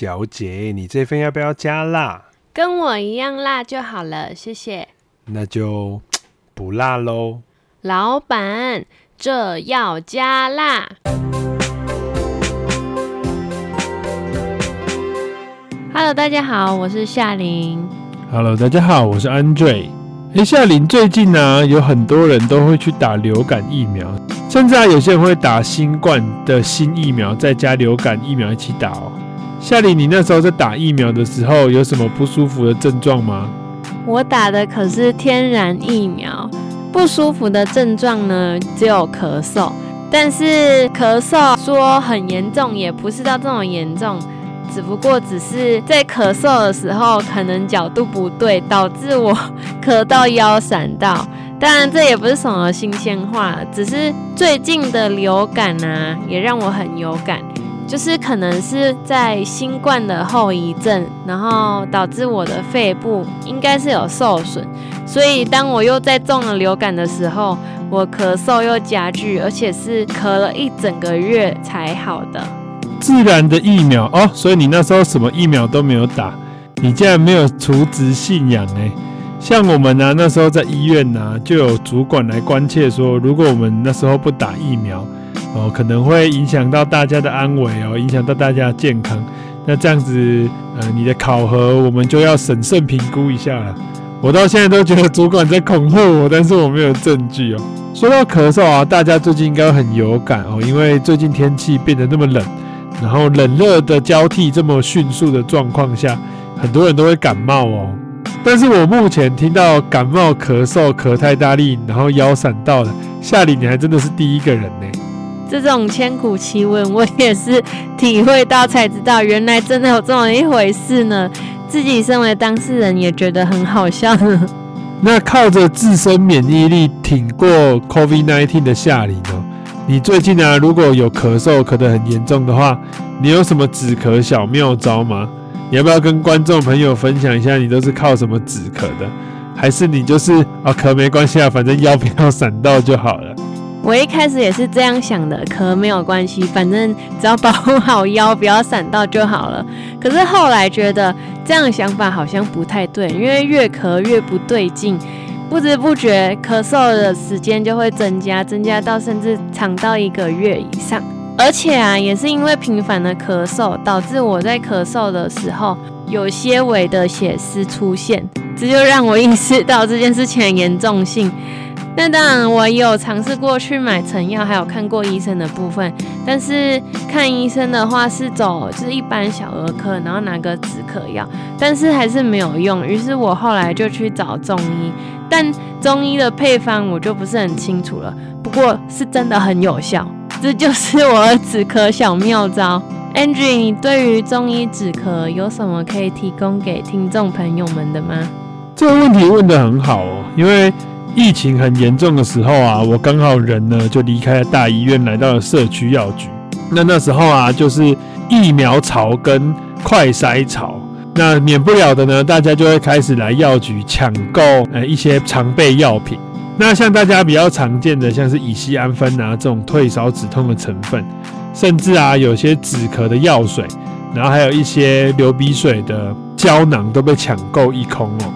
小姐，你這份要不要加辣？跟我一樣辣就好了，謝謝。那就不辣嘍。老闆，這要加辣。 Hello，大家好，我是夏琳。Hello，大家好，我是 Andre。哎、hey，夏琳，最近呢、啊，有很多人都會去打流感疫苗，甚至、啊、有些人會打新冠的新疫苗，再加流感疫苗一起打哦。夏琳，你那時候在打疫苗的時候有什麼不舒服的症狀嗎？我打的可是天然疫苗，不舒服的症狀呢只有咳嗽，但是咳嗽說很嚴重也不是到這種嚴重，只不過只是在咳嗽的時候可能角度不對，導致我咳到腰閃到。當然這也不是什麼新鮮話，只是最近的流感啊，也讓我很有感。就是可能是在新冠的後遺症，然後導致我的肺部應該是有受損，所以當我又再中了流感的時候，我咳嗽又加劇，而且是咳了一整個月才好的。自然的疫苗哦，所以你那時候什麼疫苗都沒有打，你竟然沒有除職信仰哎、欸，像我們呢、啊，那時候在醫院呢、啊，就有主管來關切說，如果我們那時候不打疫苗。哦，可能會影響到大家的安危哦，影響到大家的健康。那這樣子，呃，你的考核我們就要審慎評估一下了。我到現在都覺得主管在恐嚇我，但是我沒有證據哦。說到咳嗽啊，大家最近應該很有感哦，因為最近天氣變得那麼冷，然後冷熱的交替這麼迅速的狀況下，很多人都會感冒哦。但是我目前聽到感冒、咳嗽、咳太大力，然後腰閃到了，夏琳你還真的是第一個人呢、欸。這種千古奇聞，我也是體會到才知道，原來真的有這麼一回事呢。自己身為當事人，也覺得很好笑。那靠着自身免疫力挺過 COVID-19 的夏琳呢、哦？你最近啊，如果有咳嗽咳得很嚴重的話，你有什麼止咳小妙招嗎？你要不要跟觀眾朋友分享一下？你都是靠什麼止咳的？還是你就是啊，咳沒關係啊，反正腰不要閃到就好了。我一開始也是這樣想的，咳沒有關係，反正只要保護好腰，不要閃到就好了。可是後來覺得這樣的想法好像不太對，因為越咳越不對勁，不知不覺咳嗽的時間就會增加，增加到甚至長到一個月以上。而且啊，也是因為頻繁的咳嗽，導致我在咳嗽的時候有些微的血絲出現，這就讓我意識到這件事情的嚴重性。那當然，我有嘗試過去買成藥，還有看過醫生的部分。但是看醫生的話是走就是一般小兒科，然後拿個止咳藥，但是還是沒有用。於是我後來就去找中醫，但中醫的配方我就不是很清楚了。不過是真的很有效，這就是我的止咳小妙招。Andre，你對於中醫止咳有什麼可以提供給聽眾朋友們的嗎？這個問題問得很好哦，因為。疫情很嚴重的時候啊，我剛好人呢就離開了大醫院，來到了社區藥局。那那時候啊，就是疫苗潮跟快篩潮。那免不了的呢，大家就會開始來藥局搶購呃一些常備藥品。那像大家比較常見的，像是乙酰氨酚啊這種退燒止痛的成分，甚至啊有些止咳的藥水，然後還有一些流鼻水的膠囊都被搶購一空哦。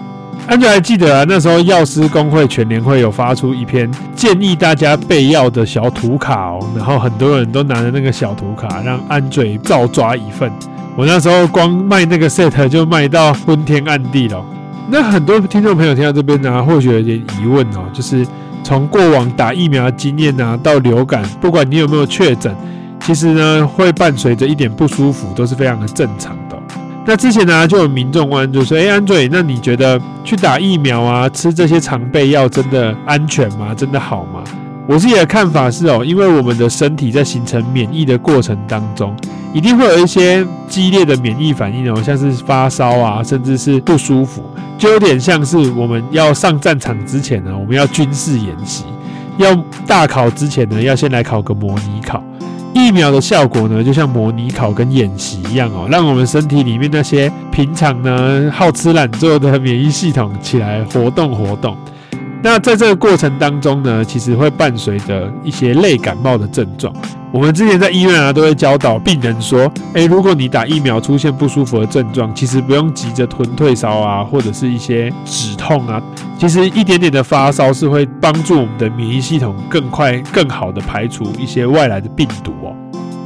Andre 還記得啊？那時候藥師公會全聯會有發出一篇建議大家備藥的小圖卡哦，然後很多人都拿着那個小圖卡，讓 Andre 照抓一份。我那時候光賣那個 set 就賣到昏天暗地了哦。那很多聽眾朋友聽到這邊呢啊，或許有點疑問哦，就是從過往打疫苗的經驗啊，到流感，不管你有沒有確診，其實呢，會伴隨着一點不舒服，都是非常的正常。那之前呢、啊，就有民眾關注說：“哎，Andre，那你覺得去打疫苗啊，吃這些常備藥真的安全嗎？真的好嗎？”我自己的看法是哦，因為我們的身體在形成免疫的過程當中，一定會有一些激烈的免疫反應哦，像是發燒啊，甚至是不舒服，就有點像是我們要上戰場之前呢，我們要軍事演習，要大考之前呢，要先來考個模擬考。疫苗的效果呢，就像模擬考跟演習一樣哦，讓我們身體裡面那些平常呢好吃懶做的免疫系統起來活動活動。那在這個過程當中呢，其實會伴隨着一些類感冒的症狀。我們之前在醫院啊，都會教導病人說，哎，如果你打疫苗出現不舒服的症狀，其實不用急着吞退燒啊，或者是一些止痛啊。其實一點點的發燒是會幫助我們的免疫系統更快更好的排除一些外來的病毒哦。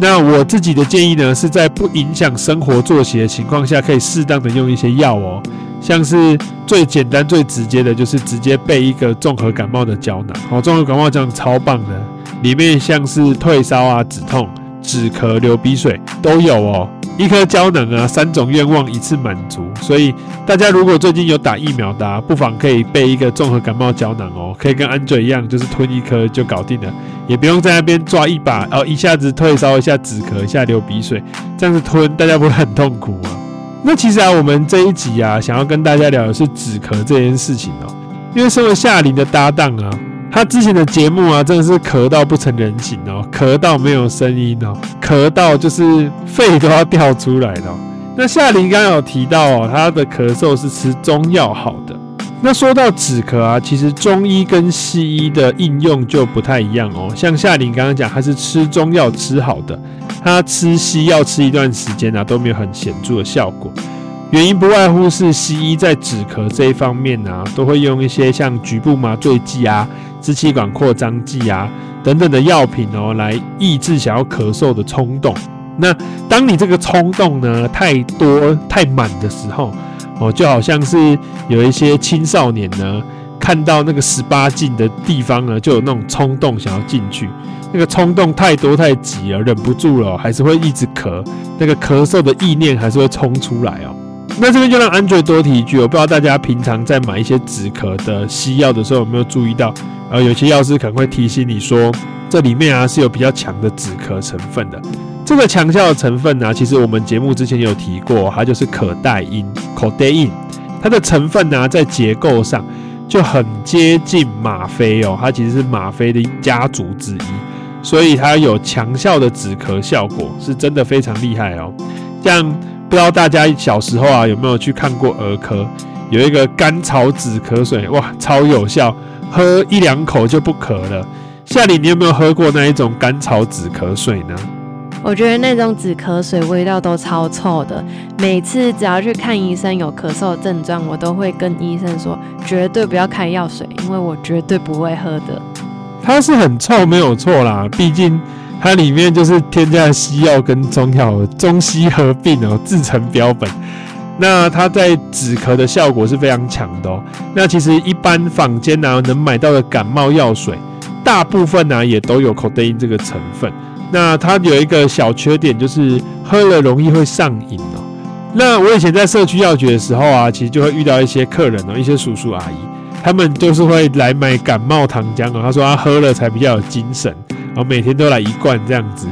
那我自己的建議呢，是在不影響生活作息的情況下，可以適當的用一些藥哦。像是最簡單、最直接的，就是直接備一個綜合感冒的膠囊。好、哦，綜合感冒膠囊超棒的，裡面像是退燒啊、止痛。止咳、流鼻水都有哦，一顆膠囊啊，三種願望一次滿足。所以大家如果最近有打疫苗的，啊，不妨可以備一個綜合感冒膠囊哦，可以跟 Andre 一樣，就是吞一顆就搞定了，也不用在那邊抓一把，然後一下子退燒一下、止咳一下、流鼻水，這樣子吞，大家不會很痛苦啊。那其實啊，我們這一集啊，想要跟大家聊的是止咳這件事情哦，因為身為夏琳的搭檔啊。他之前的節目啊，真的是咳到不成人形哦、喔，咳到沒有聲音哦、喔，咳到就是肺都要掉出來了、喔。那夏琳剛剛有提到哦、喔，他的咳嗽是吃中藥好的。那說到止咳啊，其實中醫跟西醫的應用就不太一樣哦、喔。像夏琳剛剛講，他是吃中藥吃好的，他吃西藥吃一段時間啊，都沒有很顯著的效果。原因不外乎是西醫在止咳這一方面啊，都會用一些像局部麻醉劑啊。支氣管擴張劑啊，等等的藥品哦，來抑制想要咳嗽的衝動。那當你這個衝動呢太多太滿的時候，哦，就好像是有一些青少年呢，看到那個十八禁的地方呢，就有那種衝動想要進去，那個衝動太多太急了，忍不住了，還是會一直咳，那個咳嗽的意念還是會衝出來哦。那這邊就讓 Andre 多提一句，喔，我不知道大家平常在買一些止咳的西藥的時候有沒有注意到，呃，有些藥師可能會提醒你說，這裡面啊是有比較強的止咳成分的。這個強效的成分呢，啊，其實我們節目之前有提過，喔，它就是可待因 codeine 它的成分呢，啊，在結構上就很接近嗎啡哦，它其實是嗎啡的家族之一，所以它有強效的止咳效果，是真的非常厲害哦。像。不知道大家小時候啊有沒有去看過兒科？有一個甘草止咳水，哇，超有效，喝一兩口就不咳了。夏琳，你有沒有喝過那一種甘草止咳水呢？我覺得那種止咳水味道都超臭的，每次只要去看醫生有咳嗽症狀，我都會跟醫生說，絕對不要開藥水，因為我絕對不會喝的。它是很臭，沒有錯啦，畢竟。它裡面就是添加西藥跟中藥，中西合併哦、喔，製成標本。那它在止咳的效果是非常強的哦、喔。那其實一般坊間呢、啊，能買到的感冒藥水，大部分呢、啊、也都有 codeine 這個成分。那它有一個小缺點，就是喝了容易會上癮哦、喔。那我以前在社區藥局的時候啊，其實就會遇到一些客人哦、喔，一些叔叔阿姨，他們就是會來買感冒糖漿哦、喔。他說他喝了才比較有精神。我每天都來一罐這樣子，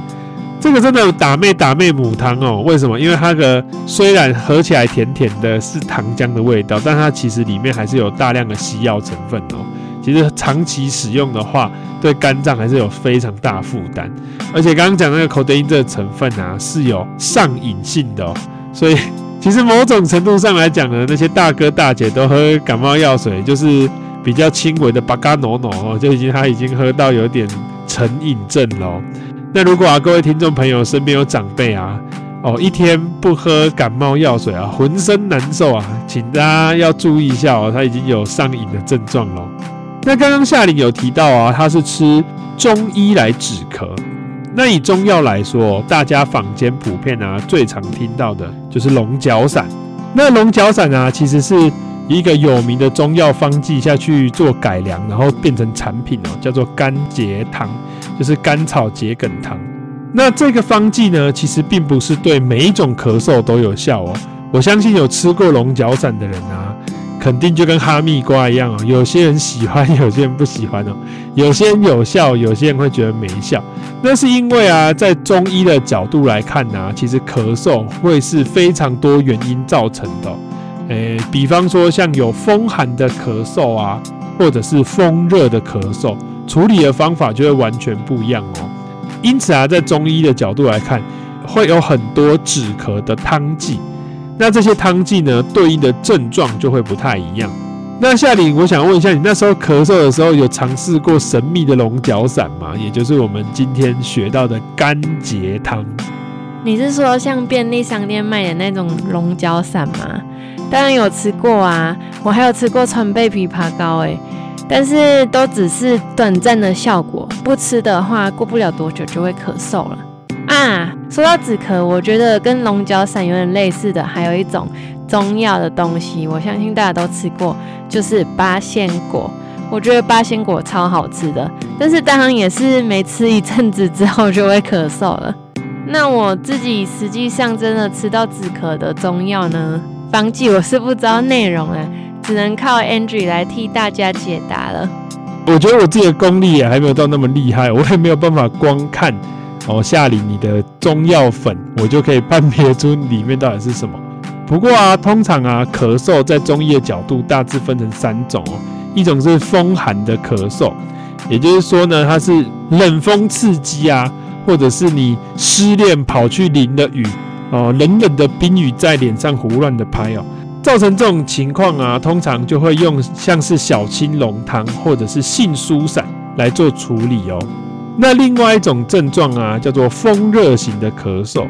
這個真的有打妹打妹母湯哦？為什麼？因為它的雖然喝起來甜甜的，是糖漿的味道，但它其實裡面還是有大量的西藥成分哦、喔。其實長期使用的話，對肝臟還是有非常大負擔。而且剛剛講那個 Codeine 這個成分啊，是有上癮性的、喔，所以其實某種程度上來講呢，那些大哥大姐都喝感冒藥水，就是比較輕微的巴嘎諾諾哦，就已經他已經喝到有點。成癮症嘍，那如果啊，各位聽眾朋友身邊有長輩啊，哦，一天不喝感冒藥水啊，渾身難受啊，請大家要注意一下哦，他已經有上癮的症狀嘍。那剛剛夏琳有提到啊，他是吃中醫來止咳。那以中藥來說，大家坊間普遍啊，最常聽到的就是龍角散。那龍角散啊，其實是。一個有名的中藥方劑下去做改良，然後變成產品哦，叫做甘桔湯，就是甘草桔梗湯。那這個方劑呢，其實並不是對每一種咳嗽都有效哦。我相信有吃過龍角散的人啊，肯定就跟哈密瓜一樣哦，有些人喜歡，有些人不喜歡哦。有些人有效，有些人會覺得沒效。那是因為啊，在中醫的角度來看啊，其實咳嗽會是非常多原因造成的哦。誒、欸，比方說像有風寒的咳嗽啊，或者是風熱的咳嗽，處理的方法就會完全不一樣哦、喔。因此啊，在中醫的角度來看，會有很多止咳的湯劑。那這些湯劑呢，對應的症狀就會不太一樣。那夏琳，我想問一下，你那時候咳嗽的時候，有嘗試過神秘的龍角散嗎？也就是我們今天學到的甘桔湯？你是說像便利商店賣的那種龍角散嗎？當然有吃過啊，我還有吃過川貝枇杷膏哎，但是都只是短暫的效果，不吃的話過不了多久就會咳嗽了啊。說到止咳，我覺得跟龍角散有點類似的，還有一種中藥的東西，我相信大家都吃過，就是八仙果。我覺得八仙果超好吃的，但是當然也是沒吃一陣子之後就會咳嗽了。那我自己實際上真的吃到止咳的中藥呢，方劑我是不知道內容啊，只能靠 Andre 來替大家解答了。我覺得我自己的功力也還沒有到那麼厲害，我也沒有辦法光看哦，夏琳你的中藥粉，我就可以判別出裡面到底是什麼。不過啊，通常啊，咳嗽在中醫的角度大致分成三種哦，一種是風寒的咳嗽，也就是說呢，它是冷風刺激啊，或者是你失戀跑去淋了雨。哦，冷冷的冰雨在臉上胡亂的拍哦，造成這種情況啊，通常就會用像是小青龍湯或者是杏蘇散，來做處理哦。那另外一種症狀啊，叫做風熱型的咳嗽，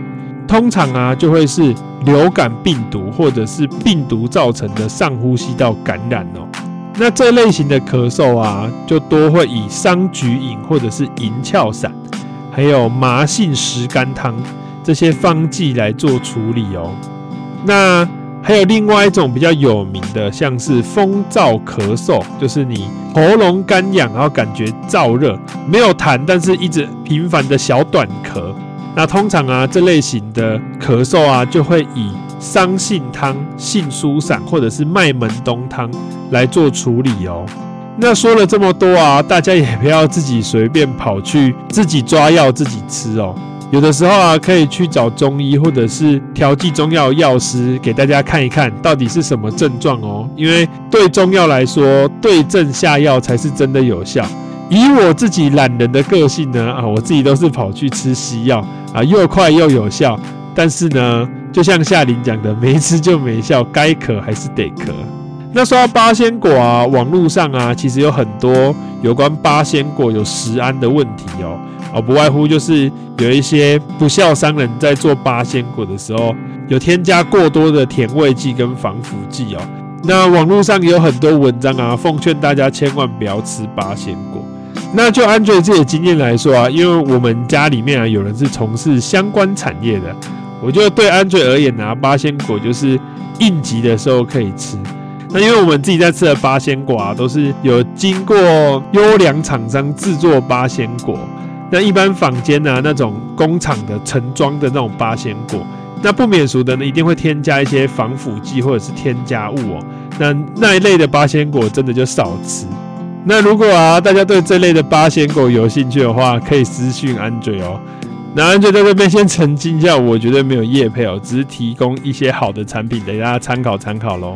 通常啊就會是流感病毒或者是病毒造成的上呼吸道感染哦。那這類型的咳嗽啊，就多會以桑菊飲或者是銀翹散，還有麻杏石甘湯。這些方劑來做處理哦。那還有另外一種比較有名的，像是風燥咳嗽，就是你喉嚨乾癢，然後感覺燥熱，沒有痰，但是一直頻繁的小短咳。那通常啊，這類型的咳嗽啊，就會以桑杏湯、杏蘇散或者是麥門冬湯來做處理哦。那說了這麼多啊，大家也不要自己隨便跑去自己抓藥自己吃哦。有的時候啊，可以去找中醫或者是調劑中藥的藥師，給大家看一看到底是什麼症狀哦。因為對中藥來說，對症下藥才是真的有效。以我自己懶人的個性呢，啊，我自己都是跑去吃西藥啊，又快又有效。但是呢，就像夏琳講的，沒吃就沒效，該咳還是得咳。那說到八仙果啊，網絡上啊，其實有很多有關八仙果有食安的問題、喔、哦。不外乎就是有一些不孝商人在做八仙果的時候，有添加過多的甜味劑跟防腐劑哦、喔。那網絡上也有很多文章啊，奉勸大家千萬不要吃八仙果。那就 Andre 自己的經驗來說啊，因為我們家裡面啊，有人是從事相關產業的，我覺得對 Andre 而言呢、啊，八仙果就是應急的時候可以吃。那因為我們自己在吃的八仙果啊，都是有經過優良廠商製作八仙果。那一般坊間呢、啊，那種工廠的成裝的那種八仙果，那不免俗的呢，一定會添加一些防腐劑或者是添加物哦、喔。那那一類的八仙果真的就少吃。那如果啊，大家對這類的八仙果有興趣的話，可以私訊 Andre 哦。那 Andre 在這邊先澄清一下，我絕對沒有業配哦、喔，只是提供一些好的產品給大家參考參考嘍。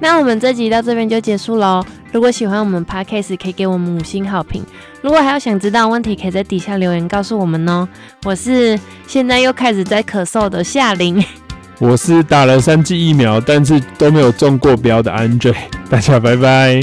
那我們這集到這邊就結束嘍。如果喜歡我們 podcast，可以給我們五星好評。如果還有想知道問題，可以在底下留言告訴我們哦。我是現在又開始在咳嗽的夏琳，我是打了三劑疫苗，但是都沒有中過標的 Andre。大家拜拜。